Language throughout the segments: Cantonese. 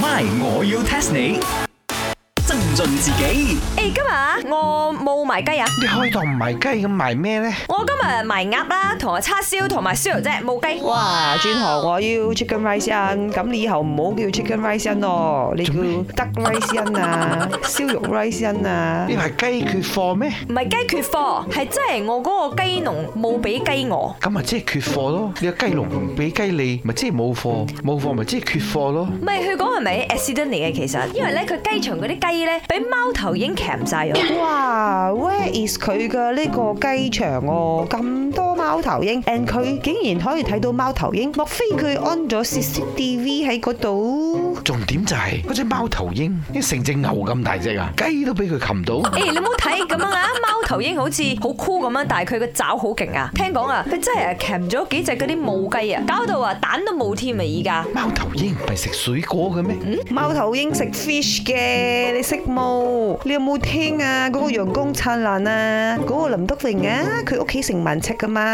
My，我要 test 你，增進自己。誒，今日我。冇賣雞啊！你開頭唔賣雞，咁賣咩咧？我今日賣鴨啦，同埋叉燒，同埋燒肉啫。冇雞，哇！轉行我要 chicken rice 啊！咁你以後唔好叫 chicken rice 咯，你叫 duck rice 啊，燒肉 rice 啊！呢排雞缺貨咩？唔係雞缺貨，係真係我嗰個雞農冇俾雞我。咁啊，咪即係缺貨咯！你個雞農唔俾雞你，咪即係冇貨，冇貨咪即係缺貨咯。咪去講係咪 accident 嚟嘅其實？因為咧，佢雞場嗰啲雞咧，俾貓頭鷹斬曬咗。哇！啊，where is 佢嘅呢個雞場喎？咁多。貓頭鷹，and 佢竟然可以睇到貓頭鷹，莫非佢安咗 CCTV 喺嗰度？重點就係嗰隻貓頭鷹，啲成隻牛咁大隻啊，雞都俾佢擒到。誒，你冇睇咁啊，貓頭鷹好似好 cool 咁啊，但係佢個爪好勁啊！聽講啊，佢真係擒咗幾隻嗰啲母雞啊，搞到啊蛋都冇添啊！依家貓頭鷹唔係食水果嘅咩？貓頭鷹食 fish 嘅，你識冇？你有冇聽啊？嗰個陽光燦爛啊，嗰個林德榮啊，佢屋企成萬尺噶嘛？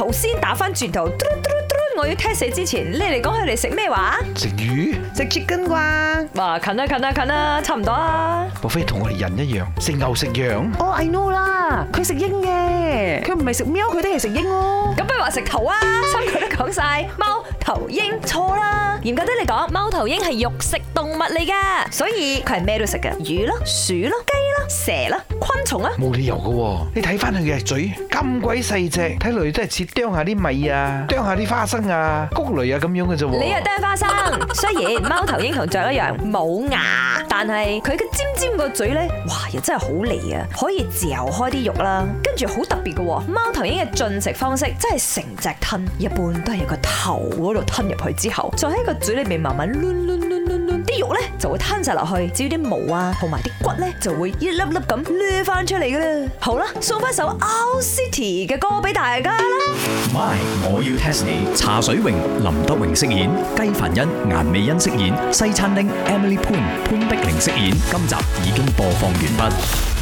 頭先打翻轉頭，嘟嘟嘟，我要 test 之前，你嚟講佢哋食咩話？食魚、食 Chicken 啩？哇、啊，近啊近啊近啦，差唔多啊！莫非同我哋人一樣，食牛食羊？哦、oh，I know 啦，佢食鷹嘅，佢唔係食喵，佢都係食鷹咯。咁不如話食頭啊！三個對 都講晒，貓頭鷹錯啦。嚴格啲嚟講，貓頭鷹係肉食動物嚟㗎，所以佢係咩都食嘅，魚咯、鼠咯、雞咯、蛇咯、昆蟲啊，冇理由嘅、哦。你睇翻佢嘅嘴，咁鬼細隻，睇嚟都係似啄下啲米啊、啄下啲花生啊、谷類啊咁樣嘅啫。你啊啄花生，雖然貓頭鷹同雀一樣冇牙，但係佢嘅尖尖個嘴咧，哇，又真係好利啊，可以嚼開啲肉啦。跟住好特別嘅、哦，貓頭鷹嘅進食方式真係成隻吞，一般都係由個頭嗰度吞入去之後，再喺個。個嘴裏邊慢慢攣攣攣攣攣，啲肉咧就會攤晒落去，只要啲毛啊同埋啲骨咧就會一粒粒咁掠翻出嚟噶啦。好啦，送翻首 Out City 嘅歌俾大家啦。My，我要 test 你。茶水榮、林德榮飾演，雞凡欣、顏美欣飾演，西餐廳 Emily Poon 潘碧玲飾演。今集已經播放完畢。